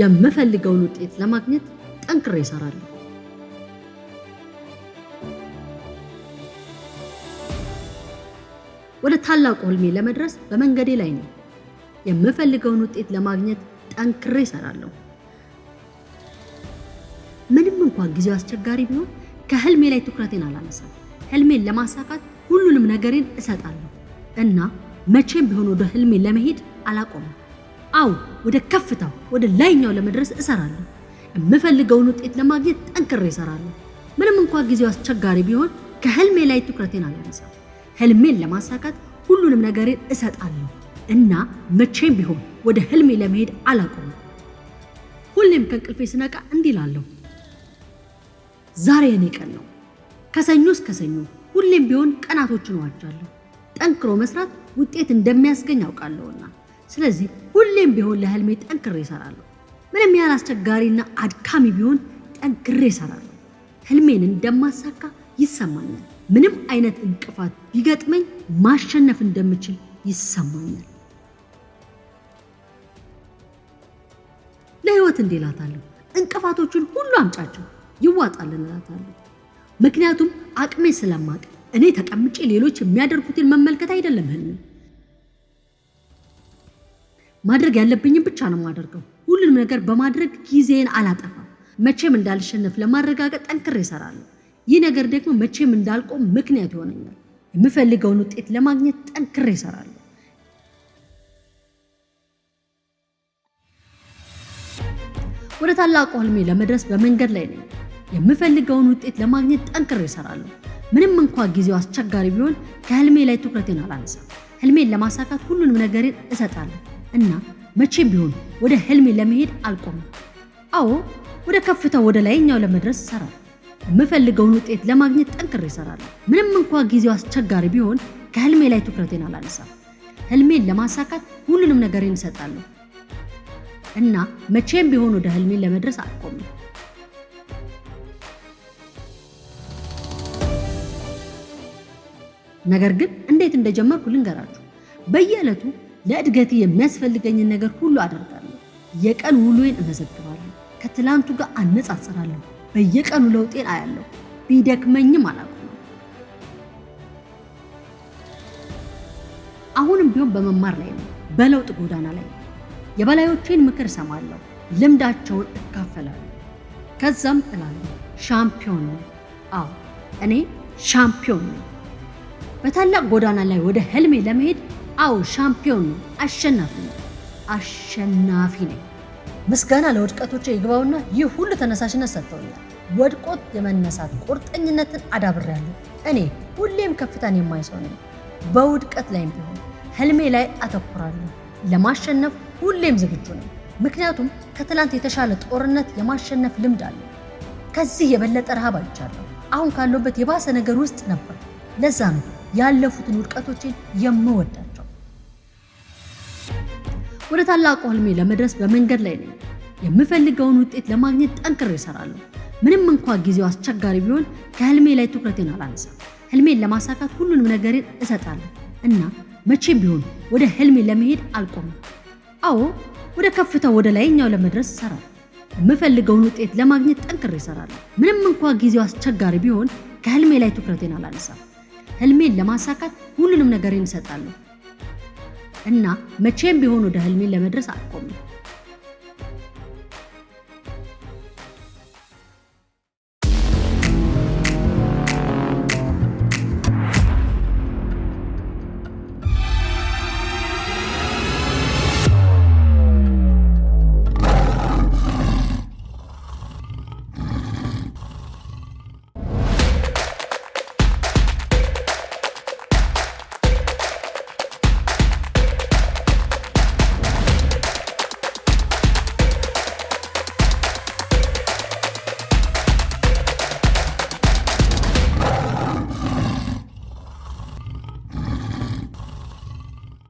የምፈልገውን ውጤት ለማግኘት ጠንክሬ እሰራለሁ። ወደ ታላቁ ህልሜ ለመድረስ በመንገዴ ላይ ነው። የምፈልገውን ውጤት ለማግኘት ጠንክሬ ሰራለሁ። ምንም እንኳን ጊዜው አስቸጋሪ ቢሆን ከህልሜ ላይ ትኩረቴን አላነሳም። ህልሜን ለማሳካት ሁሉንም ነገሬን እሰጣለሁ እና መቼም ቢሆን ወደ ህልሜ ለመሄድ አላቆምም። አው ወደ ከፍታው ወደ ላይኛው ለመድረስ እሰራለሁ። የምፈልገውን ውጤት ለማግኘት ጠንክሬ እሰራለሁ። ምንም እንኳ ጊዜው አስቸጋሪ ቢሆን ከህልሜ ላይ ትኩረቴን አላነሳም። ህልሜን ለማሳካት ሁሉንም ነገሬን እሰጣለሁ እና መቼም ቢሆን ወደ ህልሜ ለመሄድ አላቆምም። ሁሌም ከእንቅልፌ ስነቃ እንዲህ እላለሁ፣ ዛሬ የኔ ቀን ነው። ከሰኞ እስከ ሰኞ ሁሌም ቢሆን ቀናቶችን እዋጃለሁ። ጠንክሮ መስራት ውጤት እንደሚያስገኝ አውቃለሁና ስለዚህ ሁሌም ቢሆን ለህልሜ ጠንክሬ እሰራለሁ። ምንም ያህል አስቸጋሪና አድካሚ ቢሆን ጠንክሬ እሰራለሁ። ህልሜን እንደማሳካ ይሰማኛል። ምንም አይነት እንቅፋት ቢገጥመኝ ማሸነፍ እንደምችል ይሰማኛል። ለህይወት እንዲህ እላታለሁ፣ እንቅፋቶቹን ሁሉ አምጫቸው ይዋጣልን እላታለሁ። ምክንያቱም አቅሜ ስለማቅ እኔ ተቀምጬ ሌሎች የሚያደርጉትን መመልከት አይደለም ህልሜ ማድረግ ያለብኝም ብቻ ነው የማደርገው። ሁሉንም ነገር በማድረግ ጊዜን አላጠፋም። መቼም እንዳልሸነፍ ለማረጋገጥ ጠንክሬ እሰራለሁ። ይህ ነገር ደግሞ መቼም እንዳልቆም ምክንያት ይሆነኛል። የምፈልገውን ውጤት ለማግኘት ጠንክሬ እሰራለሁ። ወደ ታላቁ ህልሜ ለመድረስ በመንገድ ላይ ነኝ። የምፈልገውን ውጤት ለማግኘት ጠንክሬ እሰራለሁ። ምንም እንኳ ጊዜው አስቸጋሪ ቢሆን ከህልሜ ላይ ትኩረቴን አላነሳም። ህልሜን ለማሳካት ሁሉንም ነገሬን እሰጣለሁ። እና መቼም ቢሆን ወደ ህልሜ ለመሄድ አልቆምም። አዎ ወደ ከፍታው ወደ ላይኛው ለመድረስ እሰራለሁ። የምፈልገውን ውጤት ለማግኘት ጠንክሬ እሰራለሁ። ምንም እንኳ ጊዜው አስቸጋሪ ቢሆን ከህልሜ ላይ ትኩረቴን አላነሳም። ህልሜን ለማሳካት ሁሉንም ነገሬን እሰጣለሁ እና መቼም ቢሆን ወደ ህልሜ ለመድረስ አልቆምም። ነገር ግን እንዴት እንደጀመርኩ ልንገራችሁ። በየዕለቱ ለእድገቴ የሚያስፈልገኝን ነገር ሁሉ አደርጋለሁ። የቀን ውሎዬን እመዘግባለሁ። ከትላንቱ ጋር አነጻጽራለሁ። በየቀኑ ለውጤን አያለሁ። ቢደክመኝም አላውቅም። አሁንም ቢሆን በመማር ላይ ነው፣ በለውጥ ጎዳና ላይ ነው። የበላዮቼን ምክር እሰማለሁ፣ ልምዳቸውን እካፈላለሁ። ከዛም እላለሁ ሻምፒዮን ነው። አዎ እኔ ሻምፒዮን ነው በታላቅ ጎዳና ላይ ወደ ህልሜ ለመሄድ አዎ ሻምፒዮን ነው፣ አሸናፊ ነው፣ አሸናፊ ነኝ። ምስጋና ለውድቀቶቼ ይግባውና ይህ ሁሉ ተነሳሽነት ሰጥተውኛል። ወድቆት የመነሳት ቁርጠኝነትን አዳብሬያለሁ። እኔ ሁሌም ከፍታን የማይሰው ነኝ። በውድቀት ላይም ቢሆን ህልሜ ላይ አተኩራለሁ። ለማሸነፍ ሁሌም ዝግጁ ነው፣ ምክንያቱም ከትላንት የተሻለ ጦርነት የማሸነፍ ልምድ አለ። ከዚህ የበለጠ ረሃብ አይቻለሁ። አሁን ካለበት የባሰ ነገር ውስጥ ነበር። ለዛ ነው ያለፉትን ውድቀቶችን የምወደ ወደ ታላቁ ህልሜ ለመድረስ በመንገድ ላይ ነኝ። የምፈልገውን ውጤት ለማግኘት ጠንክሬ እሰራለሁ። ምንም እንኳ ጊዜው አስቸጋሪ ቢሆን ከህልሜ ላይ ትኩረቴን አላነሳም። ህልሜን ለማሳካት ሁሉንም ነገሬን እሰጣለሁ እና መቼም ቢሆን ወደ ህልሜ ለመሄድ አልቆምም። አዎ ወደ ከፍታው ወደ ላይኛው ለመድረስ እሰራለሁ። የምፈልገውን ውጤት ለማግኘት ጠንክሬ እሰራለሁ። ምንም እንኳ ጊዜው አስቸጋሪ ቢሆን ከህልሜ ላይ ትኩረቴን አላነሳም። ህልሜን ለማሳካት ሁሉንም ነገሬን እሰጣለሁ እና መቼም ቢሆን ወደ ህልሜ ለመድረስ አልቆምም።